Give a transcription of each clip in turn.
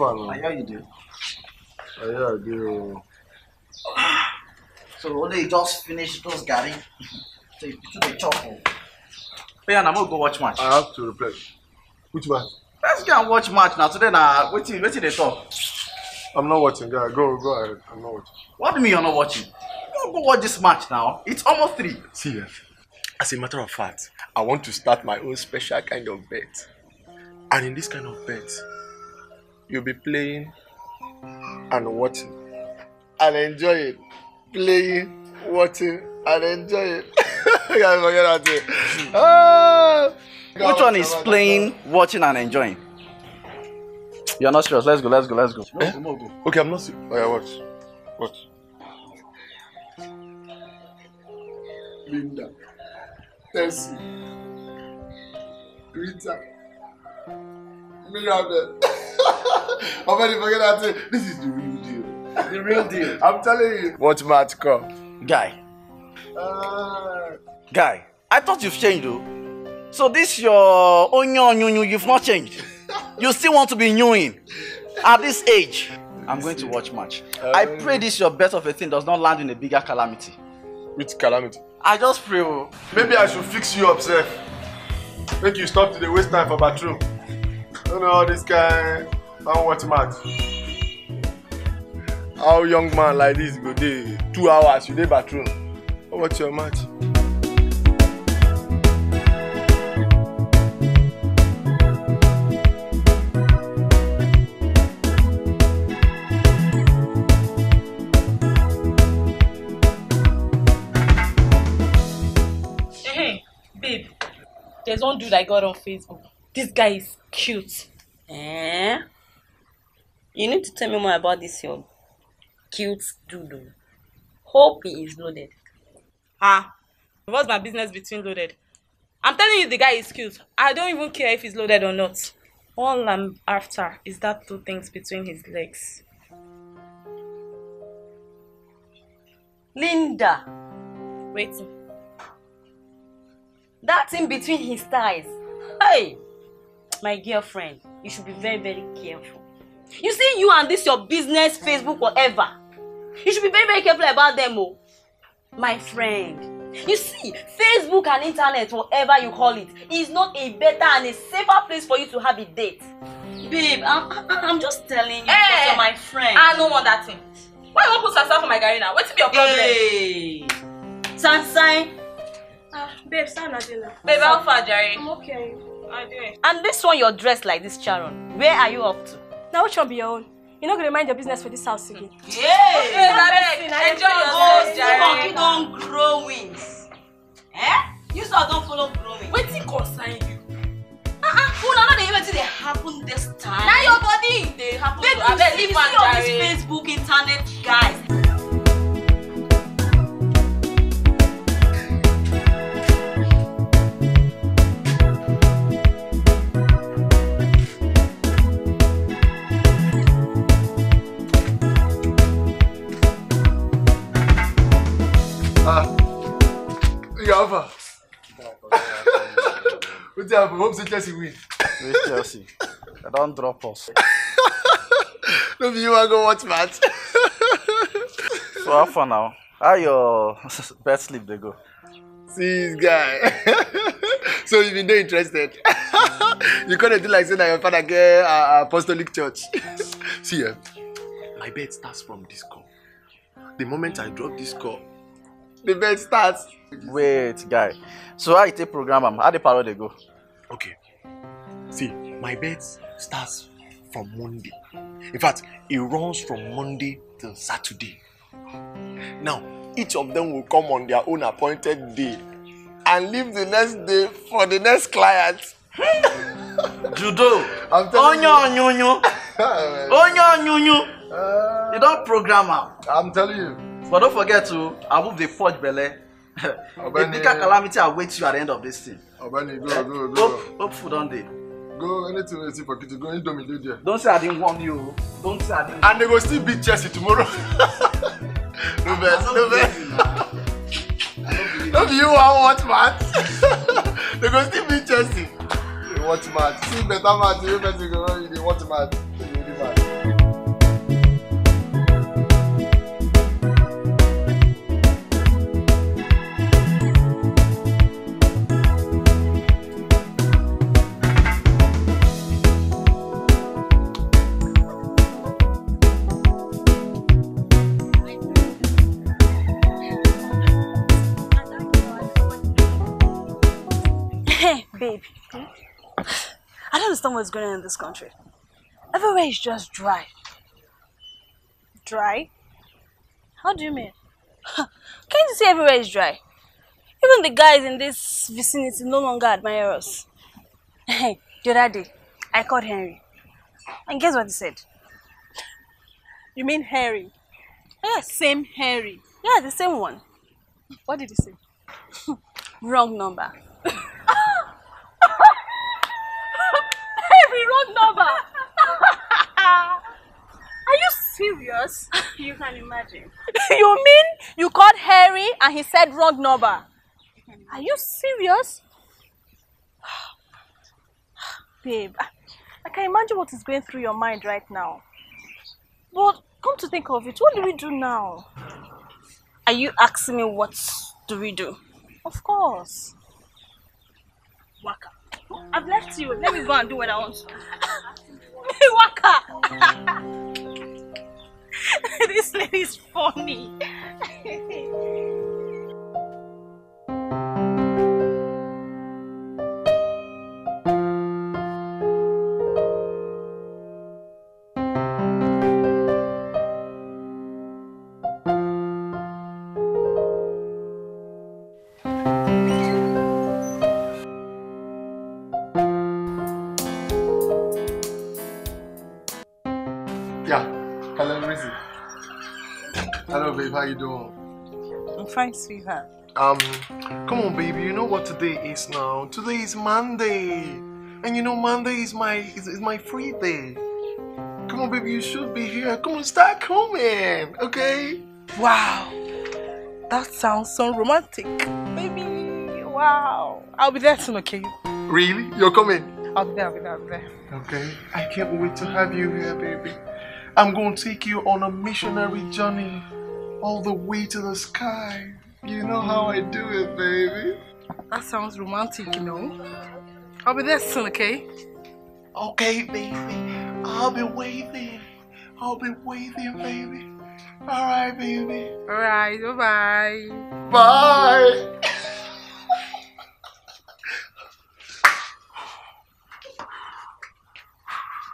problem. I know you do. I know I do. So they just finish those Gary. so you put the chop. Hey, I'm gonna go watch match. I have to replace. Which match? Let's go and watch match now. Today now wait till wait till they talk. I'm not watching, guy. go go ahead. I'm not watching. What do you mean you're not watching? Go go watch this match now. It's almost three. Serious. As a matter of fact, I want to start my own special kind of bet. And in this kind of bet, You'll be playing and watching and enjoying. Playing, watching, and enjoying. forget that ah! Which one is playing, watching, and enjoying? You're not serious. Let's go, let's go, let's go. Eh? Okay, I'm not serious. Oh, yeah, watch. Watch. Linda. Tessie. Rita. Mirabel. I'm ready for that. this is the real deal. The real deal. I'm telling you. Watch match come. Guy. Uh... Guy, I thought you've changed though. So this your onion, onion? you've not changed. you still want to be newing at this age. I'm going to watch match. Um, I pray this your best of a thing does not land in a bigger calamity. Which calamity? I just pray. Oh. Maybe I should fix you up, sir. Make you stop to the waste time for bathroom. I don't know all this kind. and watch match? how young man like this go dey two hours you dey bathroom how watch your match. There's one dude I got on Facebook. This guy is cute. Eh? You need to tell me more about this young cute dude. Hope he is loaded. Ah, what's my business between loaded? I'm telling you the guy is cute. I don't even care if he's loaded or not. All I'm after is that two things between his legs. Linda. wait. That in between his thighs. Hey! My girlfriend, you should be very, very careful. you see you and this your business facebook whatever you should be very very careful about them o oh. my friend you see facebook and internet whatever you call it is not a better and a safer place for you to have a date babe i'm i'm just telling you hey, eh! because you're my friend i no want that thing why you wan put sansan for my garri now wetin be your problem. Hey. sansan. ah babe sign adina. babe how far Jerry? i'm okay I'm doing. and this one you're dressed like this charon where are you up to. Now which one be your own? You not gonna mind your business for this house again. Hey, hey enjoy your own You don grow wings. Eh? You sef don follow growing. wings. Wetin concern you? una uh-uh. no dey hear wetin they happen this time. Now your body They happen to abeg leave am jare. make you see all these Facebook internet guys. I hope the Chelsea win. Wait, Chelsea. They don't drop us. no, you want to watch match. so how far now? How your best sleep they go? See this guy. so you've been no interested, you come do like saying that your father get uh, apostolic church. See, eh? my bed starts from this call. The moment I drop this call, the bed starts. Wait, guy. So how you take program How the parole they go? Okay. See, my bet starts from Monday. In fact, it runs from Monday till Saturday. Now, each of them will come on their own appointed day and leave the next day for the next client. Judo, onye onyunyu, onye onyunyu, you uh, don program am. I'm telling you. But don't forget to, I move the forge belle. A bigger calamity awaits you at the end of this thing. Obani, go, go, go. Hope, hope food on day. Go, anything you see for kitty, go Indomie do there. Don't say I didn't warn you. Don't say I didn't. And they go still beat Chelsea tomorrow. no bet, no bet. No be you want watch match. they go still beat Chelsea. watch match. See better match, you better go. You watch match. Hmm? I don't understand what's going on in this country. Everywhere is just dry. Dry? How do you mean? Can't you see everywhere is dry? Even the guys in this vicinity no longer admire us. the other day, I called Henry. And guess what he said? You mean Harry? Yeah, same Harry. Yeah, the same one. What did he say? Wrong number. Every wrong number. Are you serious? You can imagine. you mean you called Harry and he said wrong number? Are you serious? Babe, I can imagine what is going through your mind right now. But come to think of it, what do we do now? Are you asking me what do we do? Of course. Waka. I've left you. Let me go and do what I want. Waka. this lady is funny. how you doing? I'm fine, sweetheart. Um, come on, baby. You know what today is now? Today is Monday, and you know Monday is my is, is my free day. Come on, baby. You should be here. Come on, start coming. Okay. Wow, that sounds so romantic, baby. Wow. I'll be there soon. Okay. Really? You're coming? I'll be there, I'll be there, I'll be there. Okay. I can't wait to have you here, baby. I'm going to take you on a missionary journey all the way to the sky. You know how I do it, baby. That sounds romantic, you know. I'll be there soon, okay? Okay, baby. I'll be waiting. I'll be waiting, baby. All right, baby. All right, bye-bye. Bye.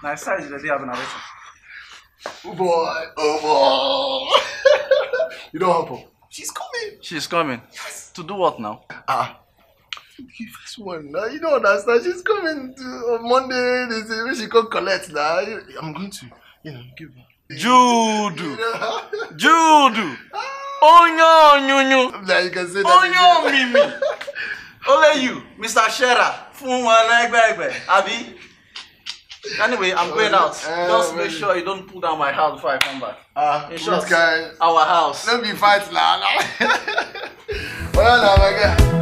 nice size, you have an Oh boy, oh boy. you know help She's coming. She's coming. Yes. To do what now? Ah. Give this one now. You don't understand. She's coming to, on Monday. They say she can collect now. I'm going to, you know, give her. Judu. Judu. Ah. Onyo nyunyu. Now you can say that. Onyo mimi. Ole you, Mr. Shera. Fún wọn ẹgbẹ́ ẹgbẹ́, àbí? Anyway, I'm going out. Uh, Just make sure you don't pull down my house before I come back. Ah, uh, short, guys. Our house. Let me fight now. well, now, my guy.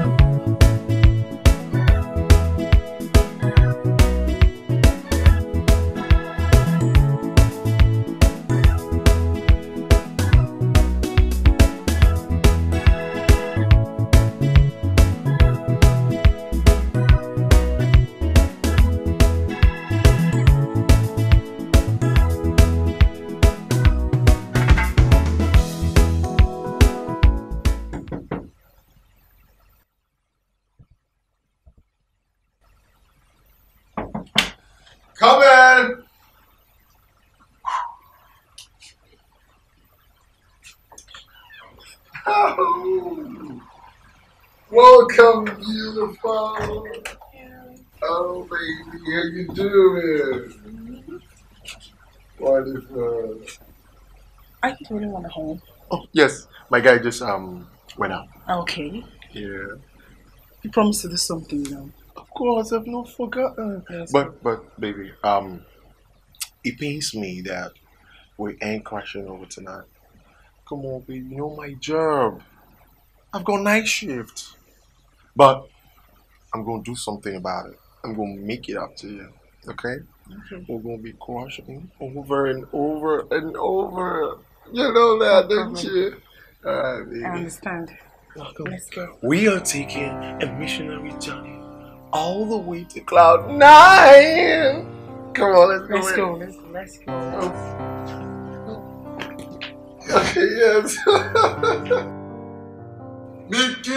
the home? Oh, yes. My guy just um went out. Okay. Yeah. You promised to do something now. Of course, I've not forgotten. Yes, but, but, baby, um, it pains me that we ain't crashing over tonight. Come on, baby, you know my job. I've got night shift. But I'm going to do something about it. I'm going to make it up to you. Okay? okay. We're going to be crushing over and over and over. You know that, don't you? I, mean, I understand. Welcome. Let's go. We are taking a missionary journey all the way to cloud nine. Come on, let's go. Let's go. Let's, let's go. Oh. Okay, yes.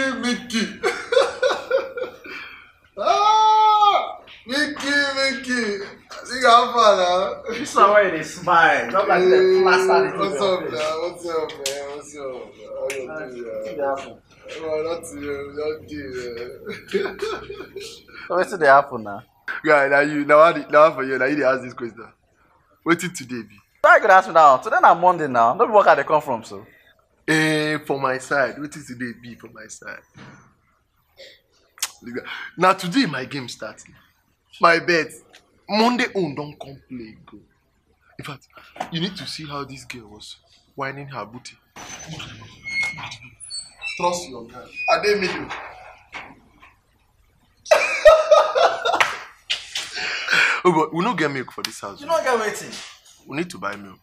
Mickey, Mickey. ah, Mickey, Mickey. You got fun now. You saw where they smile. Not like they plastered What's up now? What's up, man? What's up? How you doing? Oh, that's you. That's you. what's the happen now? Yeah, now you now now for you. Now you ask this question. What is today be. I could ask you now. Today I'm Monday now. No work they come from so. Eh, for my side. What is today be for my side. Now today my game starting. My bet monday own oh, don come play go in fact you need to see how this girl was whining her booty trust your guy ademido oh but we no get milk for this house you no get waiting. we need to buy milk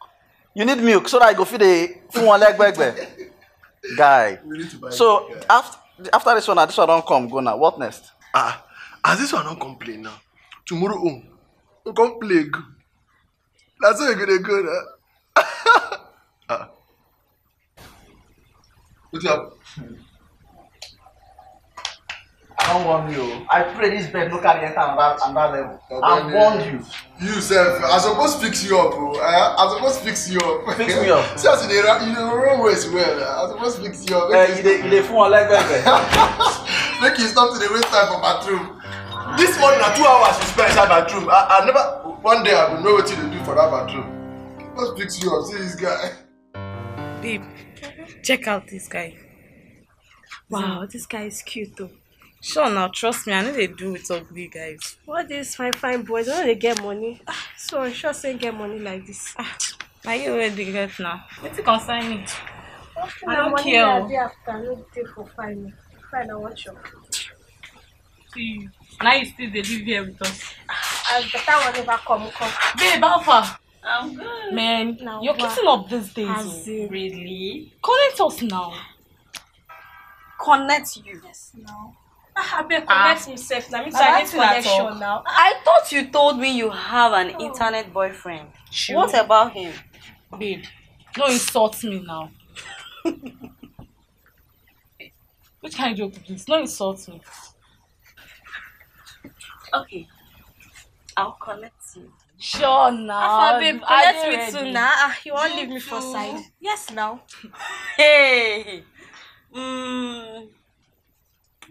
you need milk so that i go feed the fun one leg back there guy We need to buy. so after after this one this one don't come go now what next ah as this one don't complain now tomorrow own oh, um complague na so you go dey go na. ah. wetin happen. I don warn you. I pray this bed no carry enter another another level. I warn you. You sef, I suppose fix you up o. Uh, I suppose fix you up. Fix me up. See as you dey run, you dey run waste well. Uh, I suppose fix you up. Uh, you dey you dey fun one like Make you stop to dey waste time for bathroom this morning na two hours you spend inside bathroom i i never one day i go know wetin dey do for that bathroom just pick you up see this guy. babe check out this guy wow this guy is cute o. sure now trust me i no dey do with ugly guys. all these fine fine boys i no dey get money ah. so i sure say get money like this. ah na you wey dey get now wetin concern me. i don't care o. after no dey for fine fine na one chop. see you. Now you still they live here with us. As ah, the time will never come, come. Babe, how far? I'm good. Man, now you're what? kissing up these days. Has oh. Really? Connect us now. Connect you. Yes, now. Ah, I beg ah. connect ah. now. I need now. I thought you told me you have an oh. internet boyfriend. Sure. What about him? Babe, don't insult me now. Which kind of joke is this? Don't insult me. Okay. I'll connect you. Sure now. Alpha babe, connect me ready? too now. Ah, you won't leave me for side. Yes now. hey. Mm.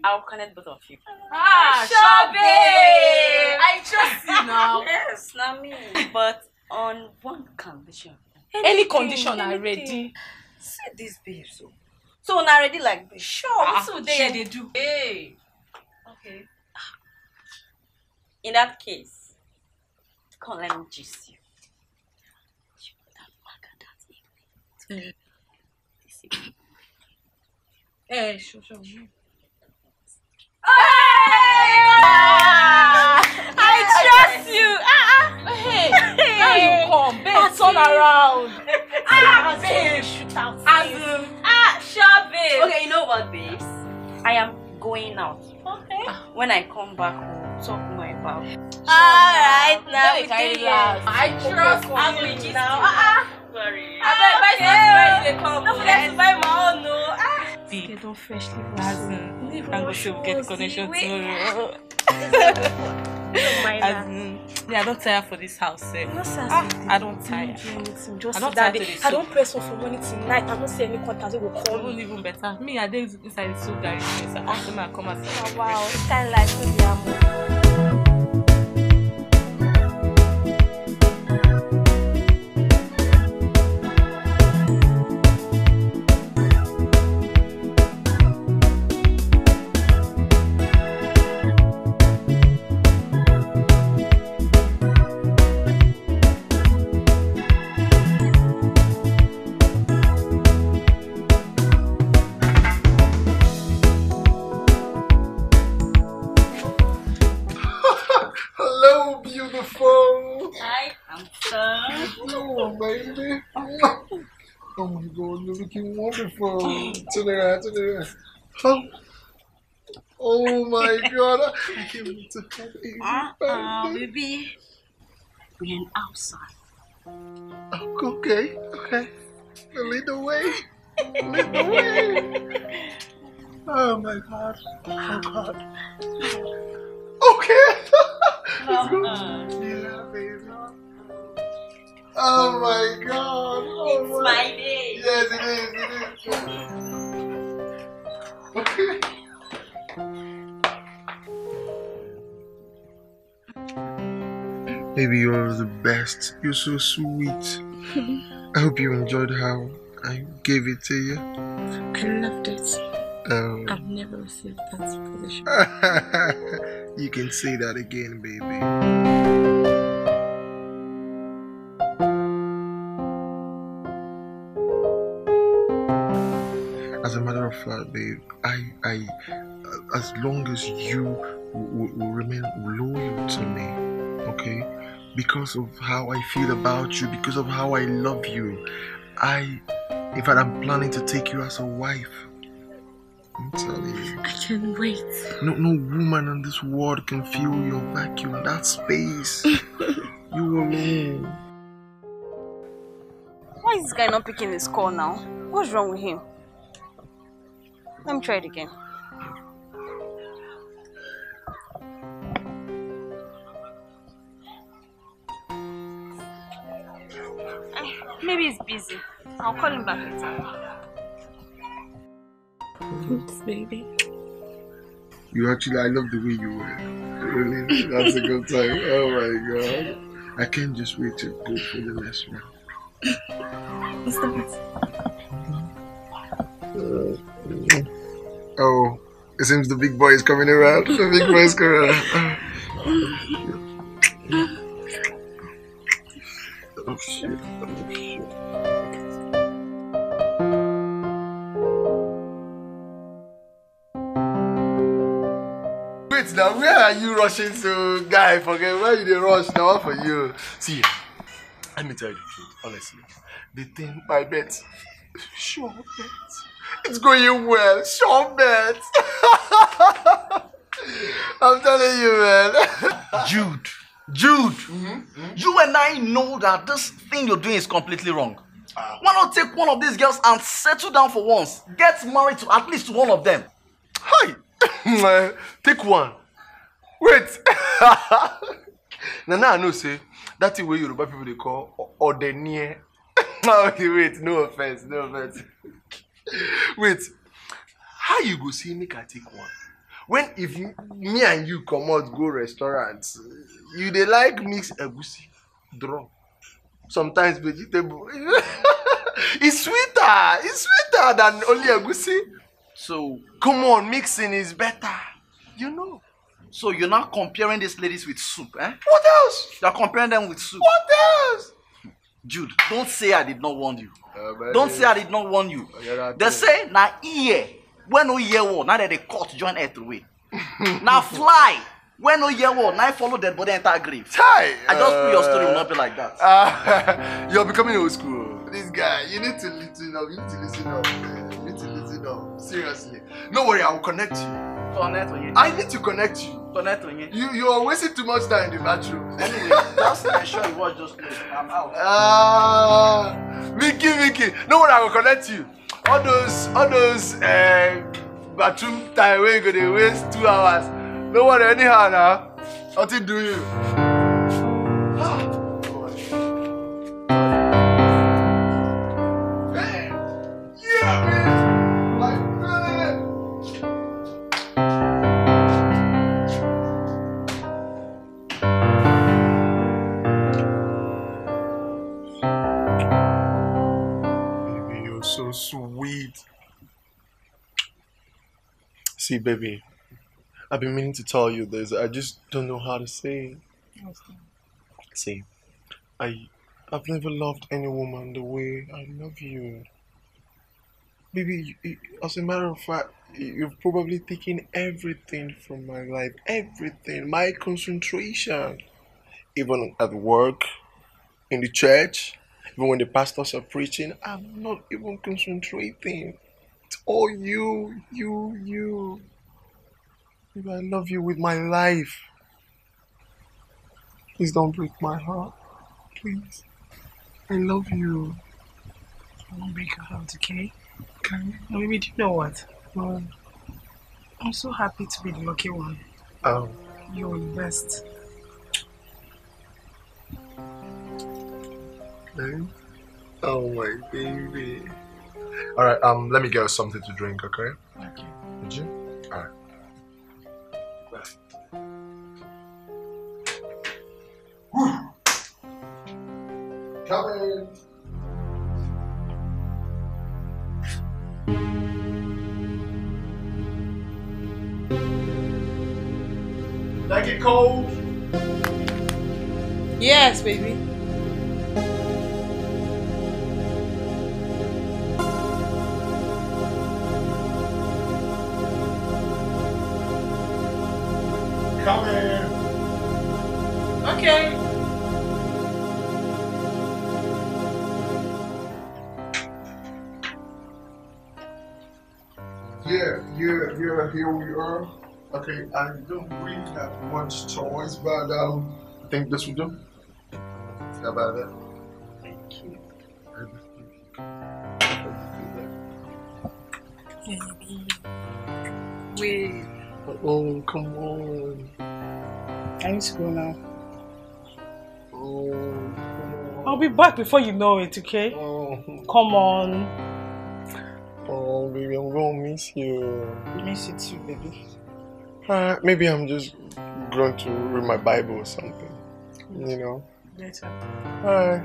I'll connect both of you. Ah, ah sure, babe. I trust you now. yes, not me. But on one condition. Anything, Any condition already. See this babe so. So ready like this. Sure, ah, so they, they do. Hey. Okay. In that case, come let me juice you. Hey, eh, show sure, sure. Ah! I trust you. Ah, ah. hey, hey, now you come, babe. Turn around. ah, babe, shoot out. Azum. Ah, sure, babe. Okay, you know what, babes? I am going out. Okay. When I come back, talk more now. Alright, now we can relax. I trust I'm with you now. Ah, sorry. Ah. I bet my friends they come. Don't forget to buy my own, oh, no. Ah. They don't freshly frozen. Leave and go see we get connection tomorrow. As in, yeah, I don't tire for this house. Eh. No, sir. Ah, I don't tire. Just I don't tire. I don't press on for money tonight. I don't see any contacts. They will call. Even even better. Me, I didn't inside the soup that is inside. Ah, I come outside. Oh, wow, it's kind of like me, beautiful. Turn around, turn Oh my god, I can't believe to have Uh-uh, baby. We're an outside. Oh, okay, okay. Lead the way. Lead the way. Oh my god. Oh god. Uh-huh. Okay. Uh, yeah, baby. Oh my God. Oh it's my, my day. Yes, it is. It is. Baby, you're the best. You're so sweet. I hope you enjoyed how I gave it to you. I loved it. Um, I've never received that position. you can say that again, baby. flat, babe. I, I, as long as you will, will remain loyal to me, okay? Because of how I feel about you, because of how I love you, I, in fact, I'm planning to take you as a wife. I'm telling you. I can't wait. No, no woman in this world can fill your vacuum, that space. you alone. Why is this guy not picking his call now? What's wrong with him? Let me try it again. Maybe he's busy. I'll call him back later. Oops, baby. You actually, I love the way you were. Really, that's a good time. Oh my god. I can't just wait to go for the next round. What's that? Uh, Oh, it seems the big boy is coming around. The big boy is coming around. Oh, shit. Oh, shit. wait now where are you rushing to guy forget where you are rush Now for you see let me tell you the truth honestly the thing my bet sure bet It's going well. Sean Bet. I'm telling you, man. Jude. Jude. Mm-hmm. Mm-hmm. You and I know that this thing you're doing is completely wrong. Uh, Why not take one of these girls and settle down for once? Get married to at least one of them. Hi. take one. Wait. Now, now I know, say, that's the way Yoruba people they call Odenie. no, wait, no offense, no offense. wait how you go say make i take one when if me and you comot go restaurant you dey like mix egusi draw sometimes vegetable it's sweeter it's sweeter than only egusi so come on mixing is better you know so you're not comparing these ladies with soup eh what else you're comparing them with soup what else Jude, don't say I did not warn you. Uh, don't say I did not warn you. they say na ear when no hear war, now that they cut join earth away. now fly when no hear war, now I follow dead body enter grave. Hi, I just feel your story will not be uh, like that. Uh, you're becoming old school. This guy, you need to listen up. You need to listen up. Man. You need to listen up. Seriously, no worry, I will connect you. I need to connect you. Connect with you. You are wasting too much time in the bathroom. Anyway, just sure. you watch those clips. I'm out. Ah, Vicky, Vicky, no one I will connect you. All those all those uh, bathroom time where you go waste two hours. No one anyhow now. Nah. Nothing do you. baby. I've been meaning to tell you this. I just don't know how to say it. See, I, I've never loved any woman the way I love you. Baby, you, as a matter of fact, you've probably taken everything from my life. Everything. My concentration. Even at work, in the church, even when the pastors are preaching, I'm not even concentrating. It's all you, you, you. Baby, I love you with my life. Please don't break my heart. Please. I love you. I won't break your heart, okay? Can you? Baby, do you know what? Well, um, I'm so happy to be the lucky one. Oh. You're the best. Okay. Oh my baby. Alright, um, let me get something to drink, okay? I don't really have much choice, but um, I think this will do. How about that? Thank you. Baby. Wait. Oh, come on. I need to go now. Oh, I'll be back before you know it, okay? Oh. Come on. Oh, baby, I'm gonna miss you. miss you too, baby uh, maybe I'm just going to read my Bible or something. You know. Later. Bye.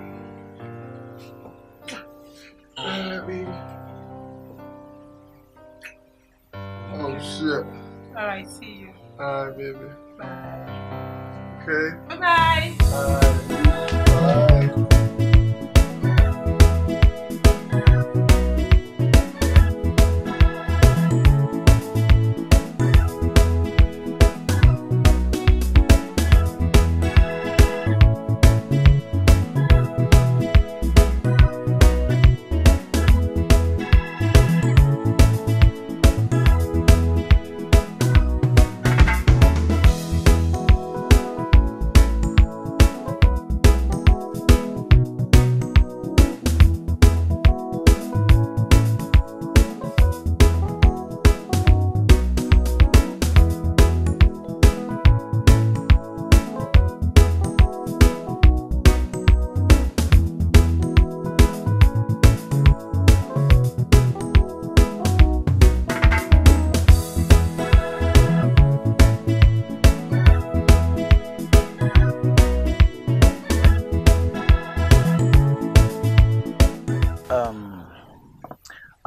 Bye, baby. Oh shit. Alright, see you. Alright, baby. Bye. Okay. Bye-bye. Bye. Bye.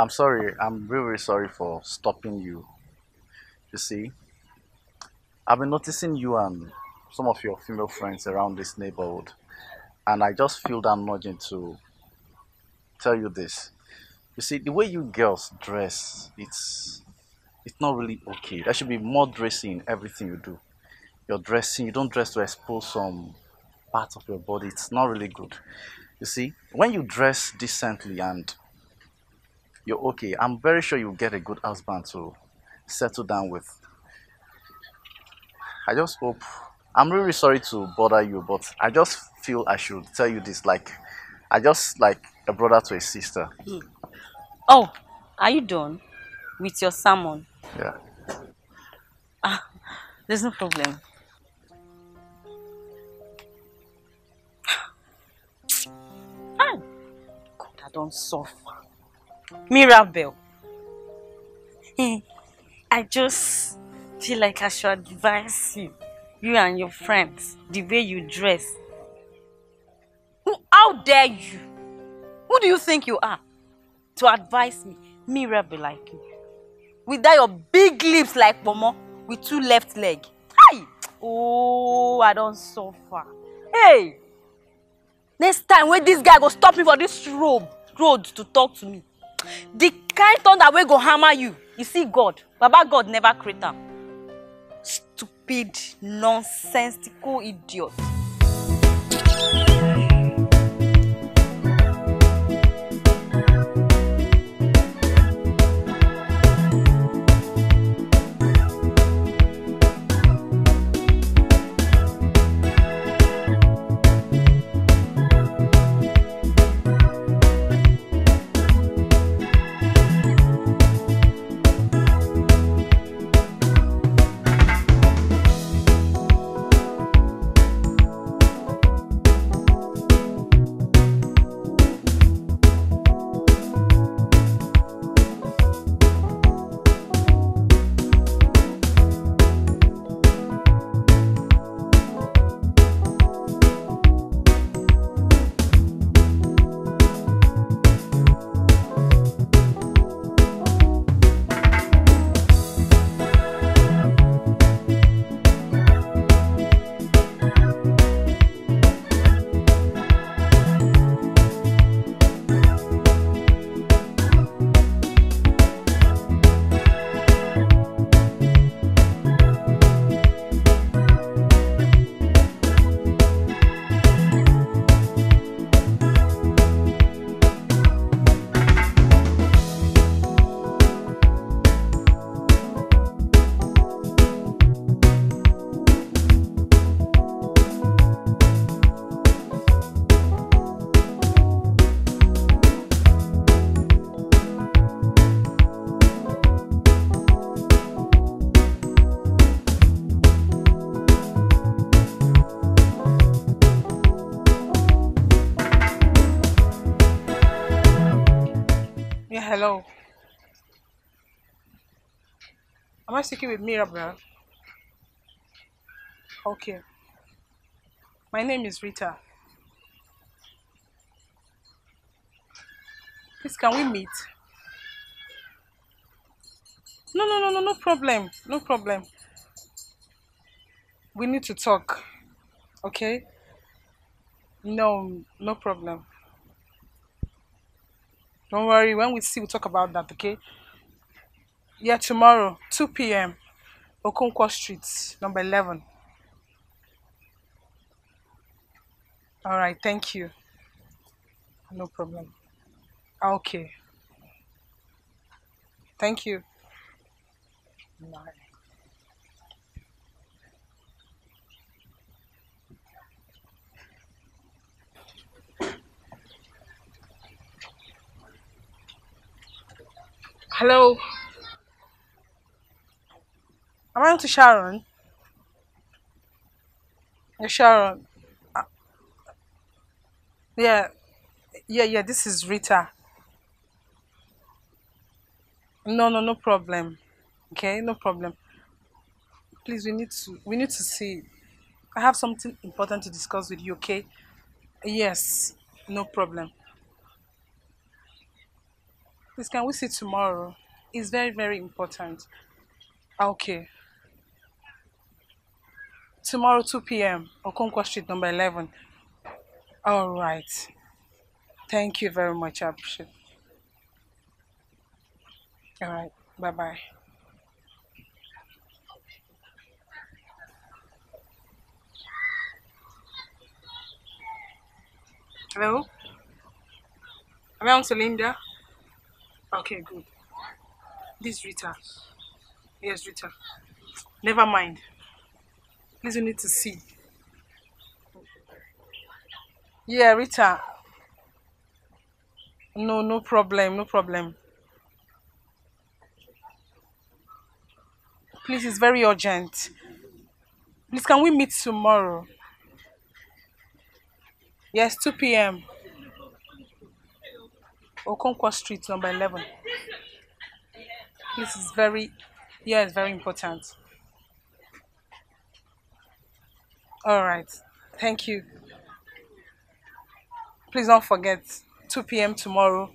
I'm sorry. I'm really, very sorry for stopping you. You see, I've been noticing you and some of your female friends around this neighborhood, and I just feel that nudging to tell you this. You see, the way you girls dress, it's it's not really okay. There should be more dressing in everything you do. You're dressing, you don't dress to expose some part of your body. It's not really good. You see, when you dress decently and you're okay. I'm very sure you'll get a good husband to settle down with. I just hope. I'm really sorry to bother you, but I just feel I should tell you this. Like, I just like a brother to a sister. Hmm. Oh, are you done with your sermon? Yeah. Ah, there's no problem. Ah, God, I don't suffer. Mirabel. I just feel like I should advise you, you and your friends, the way you dress. Who, How dare you? Who do you think you are to advise me, Mirabel like you? With that your big lips like Momo, with two left leg. Hi! Oh, I don't suffer. Hey! Next time when this guy go stop me for this road, road to talk to me, the kind thunder will go hammer you you see god baba god never create am stupid nonsensical idiot. hello. Am I speaking with me, Okay. My name is Rita. Please, can we meet? No, no, no, no, no problem. No problem. We need to talk. Okay? No, no problem. Don't worry. When we see, we'll talk about that, okay? Yeah, tomorrow, 2 p.m., Okonkwo Street, number 11. All right, thank you. No problem. Ah, okay. Thank you. Bye. Hello. Am I on to Sharon? Yeah, Sharon. Uh, yeah. Yeah, yeah, this is Rita. No, no, no problem. Okay, no problem. Please, we need to we need to see. I have something important to discuss with you, okay? Yes, no problem. Please, can we see tomorrow? It's very, very important. Ah, okay. Tomorrow, 2 p.m., Okonkwo Street, number 11. All right. Thank you very much. I appreciate it. All right. Bye-bye. Hello? Am I on Linda? Okay, good. This Rita. Yes, Rita. Never mind. Please, you need to see. Yeah, Rita. No, no problem, no problem. Please, it's very urgent. Please, can we meet tomorrow? Yes, 2 p.m. Okonkwo Street, number 11. This is very, yeah, it's very important. All right. Thank you. Please don't forget, 2 p.m. tomorrow,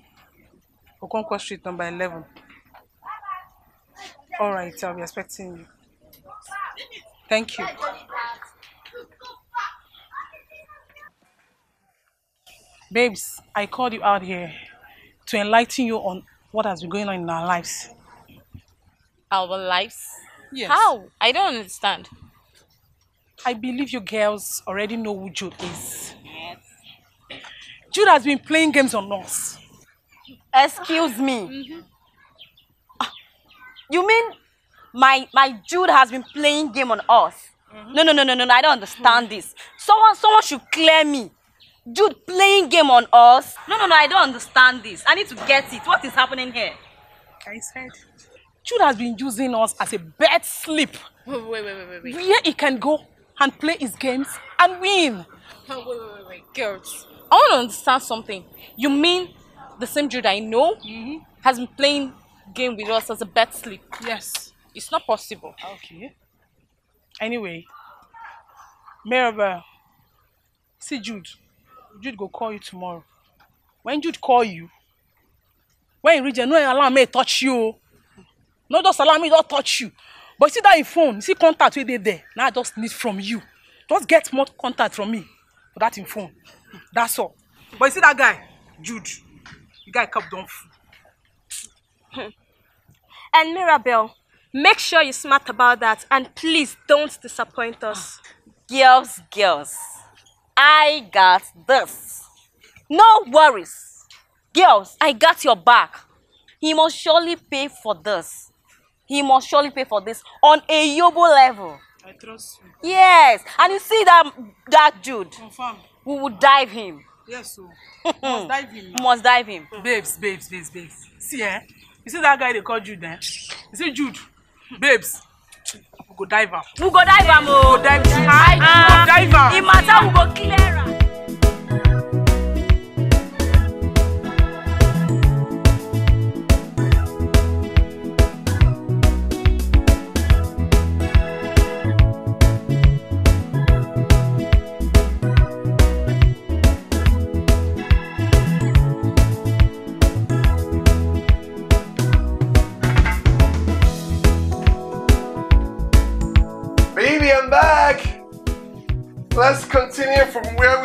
Okonkwo Street, number 11. All right, I'll be expecting you. Thank you. Babes, I called you out here to enlighten you on what has been going on in our lives. Our lives? Yes. How? I don't understand. I believe you girls already know who Jude is. Yes. Jude has been playing games on us. Excuse me. Mm -hmm. You mean my my Jude has been playing game on us? Mm -hmm. No, no, no, no, no, I don't understand mm -hmm. this. Someone someone should clear me. Jude playing game on us. No, no, no, I don't understand this. I need to get it. What is happening here? I said. Jude has been using us as a bed sleep. Wait, wait, wait, wait, wait. Where he can go and play his games and win. Wait, wait, wait, wait. Girls, I want to understand something. You mean the same Jude I know mm -hmm. has been playing game with us as a bed sleep? Yes. It's not possible. Okay. Anyway, Mirabel, see Jude. Jude go call you tomorrow. When Jude call you, when you reach no allow me touch you. No just allow me not touch you. But see that in phone, you see contact wey dey there. Now I just need from you. Just get more contact from me for that in phone. That's all. But you see that guy, Jude, the guy cup don full. and Mirabel, make sure you're smart about that and please don't disappoint us. girls, girls. I got this. No worries. Girls, I got your back. He must surely pay for this. He must surely pay for this on a Yobo level. I trust you. Yes. And you see that that dude. Confirm. We would dive him. Yes, so. must dive him. Now. Must dive him. Babes, babes, babes, babes. See, eh? You see that guy they call Jude, eh? You see Jude? babes go dive am. we go dive am o. go dive am. i go dive am. e matter go clear am.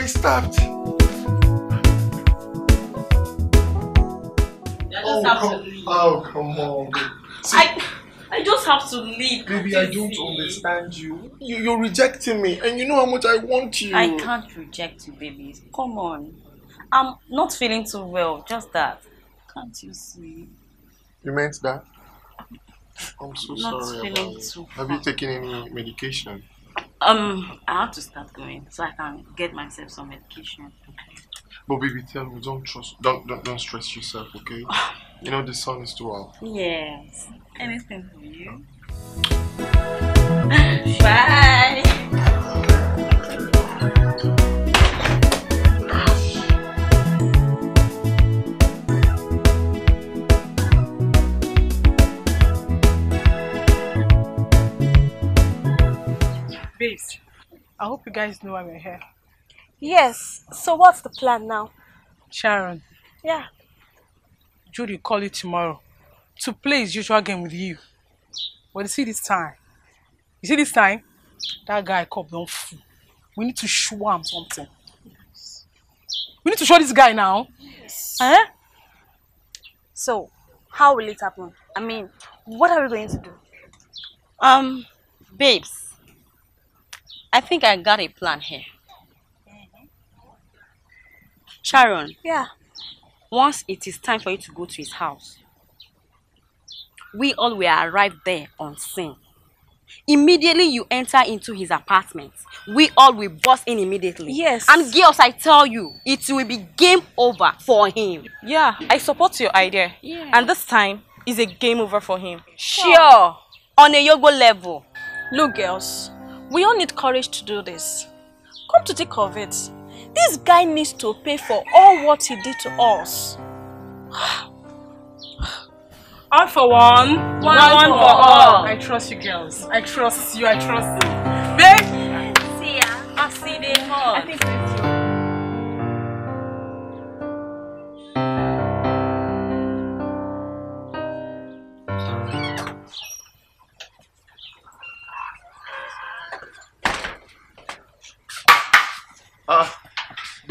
we stopped. Oh come, oh, come on. I, I just have to leave. Baby, I don't see. understand you. you. You're rejecting me, and you know how much I want you. I can't reject you, baby. Come on. I'm not feeling too well, just that. Can't you see? You meant that? I'm so not sorry. Feeling about too Have you taken any medication? Um, I have to start going so I can get myself some medication. But baby, tell me, don't trust, don't, don't, don't stress yourself, okay? you know the sun is too out. Yes, anything for you. Bye. Please, I hope you guys know I'm here. Yes, so what's the plan now? Sharon. Yeah. Judy call you tomorrow to play his usual game with you. But you see this time, you see this time, that guy called on fool. We need to show him something. We need to show this guy now. Yes. Huh? Eh? So, how will it happen? I mean, what are we going to do? Um, babes, I think I got a plan here. Sharon. Yeah. Once it is time for you to go to his house, we all will arrive there on scene. Immediately you enter into his apartment, we all will burst in immediately. Yes. And girls, I tell you, it will be game over for him. Yeah, I support your idea. Yeah. And this time is a game over for him. Sure. sure. On a yoga level. Look, girls, we all need courage to do this. Come to think of it, this guy needs to pay for all what he did to us. all for one, one, one for, for all. all. I trust you girls. I trust you, I trust you. Babe! See ya. I'll see you all.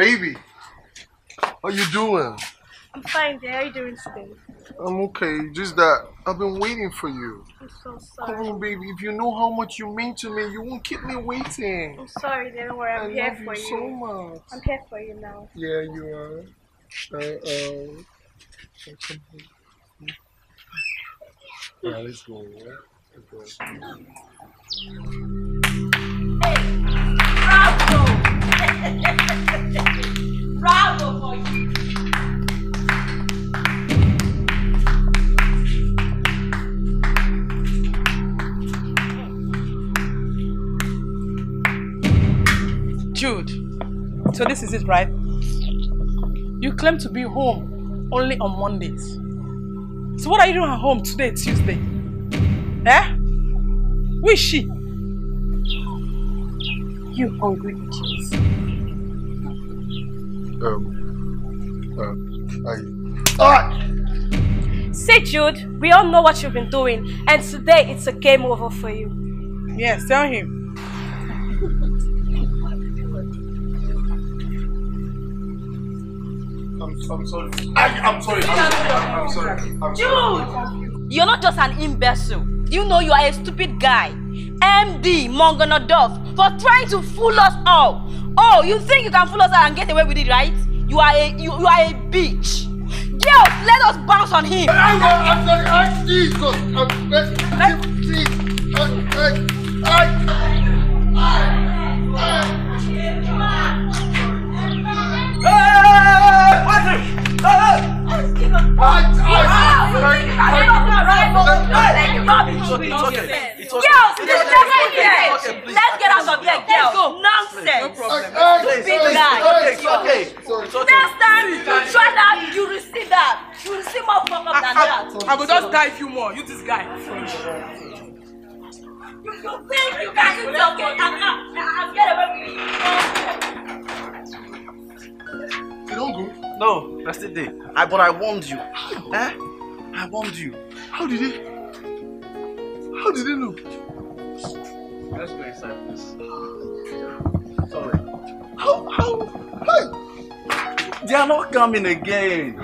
Baby, how you doing? I'm fine, Dad. How you doing today? I'm okay. Just that I've been waiting for you. I'm so sorry. Come on, baby. If you know how much you mean to me, you won't keep me waiting. I'm sorry, Dad. Don't worry. I'm I here for you. you so much. I'm here for you now. Yeah, you are. Uh, uh, right, let's go. Yeah? let Hey, Bravo! Bravo for you. Jude, so this is it, right? You claim to be home only on Mondays. So what are you doing at home today, Tuesday? Eh? Who is she? You hungry bitches. Um, uh, I... Ah! Jude, we all know what you've been doing, and today it's a game over for you. Yes, tell him. I'm, I'm sorry. I, I'm sorry. I'm, I'm sorry. I'm sorry. Dude, you're not just an imbecile. You know you are a stupid guy. MD Mongonodov for trying to fool us all. Oh, you think you can fool us all and get away with it, right? You are a you, you are a bitch. Girls, let us bounce on him. I'm sorry, I'm sorry, I Jesus. I'm, I, I, I, I, I, I, I, Girls, this never here. Let's get out of here, girls. Nonsense. Stupid guy. It's okay. Next time you try that, you receive that. You receive more fuck up than that. I go just die if you more. You this guy. You think you guys is okay? I'm not. I'm scared of everything. You don't go. No, that's the day. I, but I warned you. Eh? I warned you. How did it? How did it look? Let's go inside, please. Sorry. How? How? Hey! They are not coming again.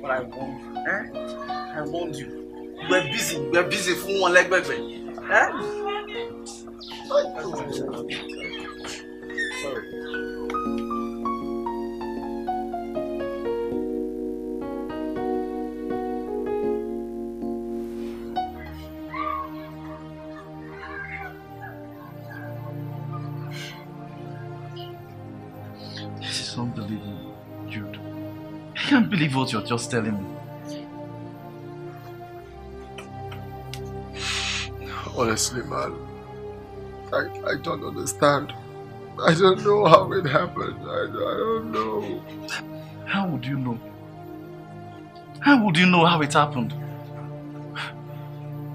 But I warned you. Eh? I warned you. We're busy. We're busy. one. leg, lẹ́gbẹ̀gbẹ̀. Eh? This is unbelievable, Jude. I can't believe what you're just telling me. honestly, man, I, I don't understand. I don't know how it happened. I, I don't know. How would you know? How would you know how it happened?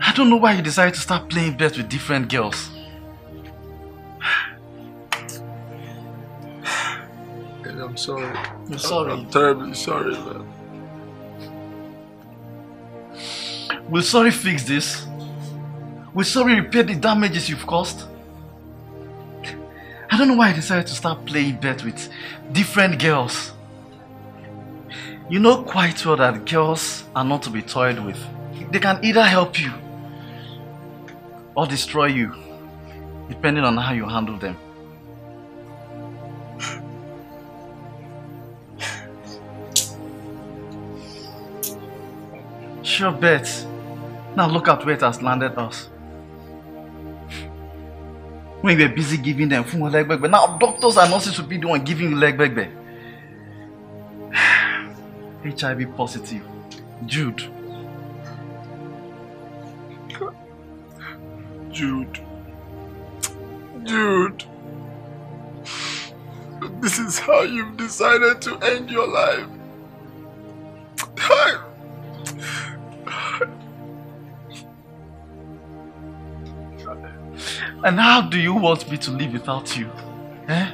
I don't know why you decided to start playing bets with different girls. And I'm sorry. I'm sorry. I'm, I'm terribly sorry, man. Will sorry fix this? Will sorry repair the damages you've caused? I don't know why I decided to start playing bet with different girls. You know quite well that girls are not to be toyed with. They can either help you or destroy you, depending on how you handle them. Sure bet. Now look at where it has landed us when you were busy giving them full leg back. Now doctors and nurses should be the one giving you leg back. HIV positive. Jude. Jude. Jude. This is how you've decided to end your life. And how do you want me to live without you? Eh?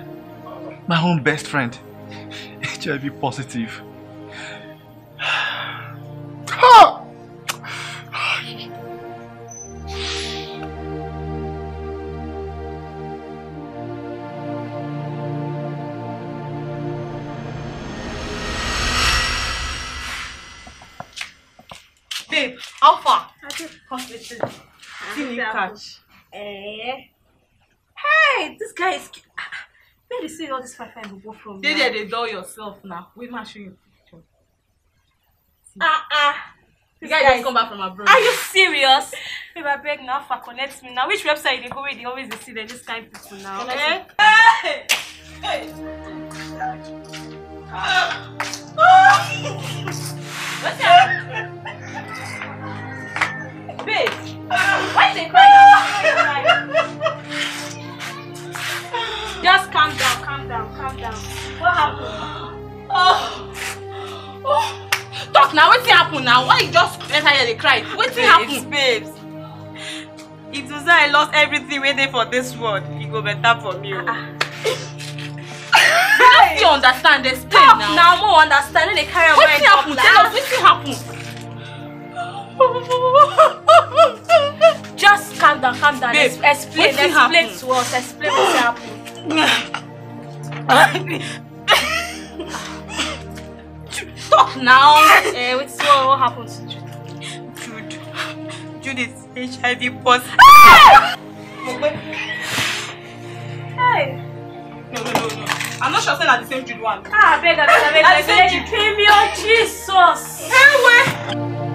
My own best friend. HIV positive. this five five go from now. Dey dey dull yourself now. We must show you picture. Ah ah. The guy just come back from abroad. Are you serious? Babe, I beg now, for connect me now. Which website they go where they always see this kind of people now? Eh? Hey! Hey! What's that? Bitch! why is they crying? Why is they crying? Just calm down, calm down, calm down. What happened? Oh. oh. Talk now, What's happened now? Why you just enter here they cry? What happened? Babes. It was I lost everything waiting for this world. It go better for me. Uh -uh. Hey. you understand, explain Stop now. now, more understanding they carry away. What happened? Tell us, what's happened? Just calm down, calm down. Babe, explain, explain happen? to us, explain what's happened. Stop now. uh, wait, see what, what happened to Jude. Jude. Jude is HIV positive. hey. No, no, no, no. I'm not sure saying at the same Jude one. Ah, beg, beg, beg, beg, beg, beg, beg, beg, beg, beg, Hey, beg,